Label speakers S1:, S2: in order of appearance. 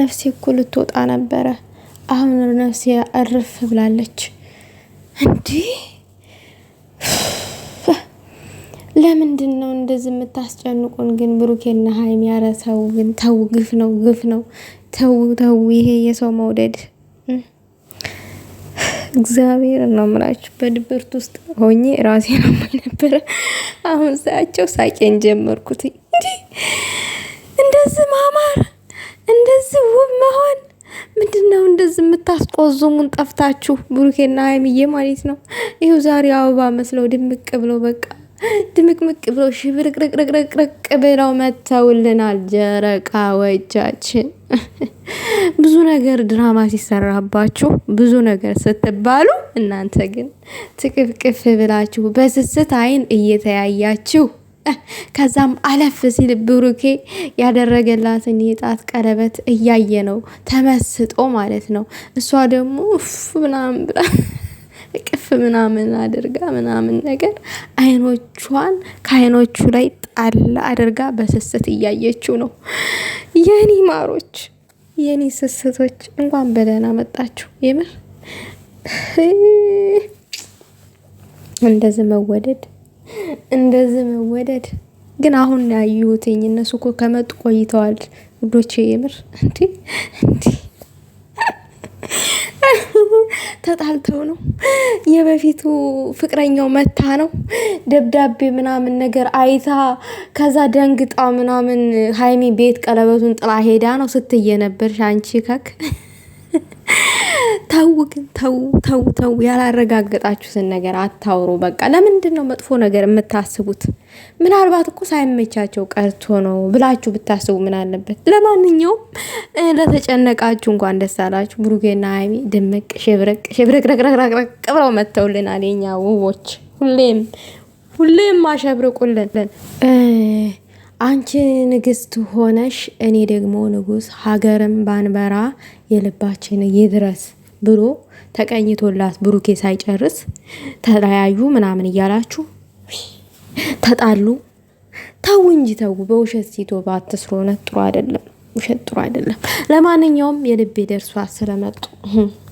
S1: ነፍሴ እኮ ልትወጣ ነበረ። አሁን ነፍሴ እርፍ ብላለች። እንዲህ ለምንድን ነው እንደዚህ የምታስጨንቁን ግን? ብሩኬና ሀይሚ ያረሰው ተው ግን ተው፣ ግፍ ነው ግፍ ነው ተው ተው። ይሄ የሰው መውደድ እግዚአብሔር ነው ምላች በድብርት ውስጥ ሆኜ ራሴ ነው ነበረ። አሁን ሳያቸው ሳቄን ጀመርኩት እንዲህ ሳታስቆዙሙን ጠፍታችሁ ብሩኬና ሀይሚዬ ማለት ነው። ይኸው ዛሬ አበባ መስለው ድምቅ ብለው በቃ ድምቅምቅ ብለው ሽብርቅርቅርቅርቅ ብለው መተውልናል። ወጃችን ብዙ ነገር ድራማ ሲሰራባችሁ ብዙ ነገር ስትባሉ እናንተ ግን ትቅፍቅፍ ብላችሁ በስስት አይን እየተያያችሁ ከዛም አለፍ ሲል ብሩኬ ያደረገላትን የጣት ቀለበት እያየ ነው ተመስጦ ማለት ነው። እሷ ደግሞ ምናምን ብላ ቅፍ ምናምን አድርጋ ምናምን ነገር አይኖቿን ከአይኖቹ ላይ ጣል አድርጋ በስስት እያየችው ነው። የኔ ማሮች፣ የኔ ስስቶች እንኳን በደህና መጣችሁ። የምር እንደዚህ መወደድ እንደዚህ መወደድ ግን አሁን ያዩትኝ እነሱ እኮ ከመጡ ቆይተዋል። ውዶቼ የምር እንዲ እንዲ ተጣልተው ነው የበፊቱ ፍቅረኛው መታ ነው ደብዳቤ ምናምን ነገር አይታ ከዛ ደንግጣ ምናምን ሀይሚ ቤት ቀለበቱን ጥላ ሄዳ ነው ስትየ ነበር ሻንቺ ከክ ተው ግን ተው ተው ተው። ያላረጋገጣችሁትን ነገር አታውሩ። በቃ ለምንድን ነው መጥፎ ነገር የምታስቡት? ምናልባት እኮ ሳይመቻቸው ቀርቶ ነው ብላችሁ ብታስቡ ምን አለበት? ለማንኛውም ለተጨነቃችሁ እንኳን ደስ አላችሁ። ብሩጌና ሀይሚ ድምቅ ሽብረቅ ሽብረቅረቅረቅረቅ ብለው መጥተውልናል። የኛ ውቦች ሁሌም ሁሌም አሸብርቁልን። አንቺ ንግስት ሆነሽ እኔ ደግሞ ንጉስ፣ ሀገርም ባንበራ የልባችን ይድረስ። ብሎ ተቀኝቶላት ብሩኬ ሳይጨርስ ተለያዩ ምናምን እያላችሁ ተጣሉ። ተው እንጂ ተው። በውሸት ሲቶባ አትስሩ። ጥሩ አይደለም። ውሸት ጥሩ አይደለም። ለማንኛውም የልቤ ደርሷ ስለመጡ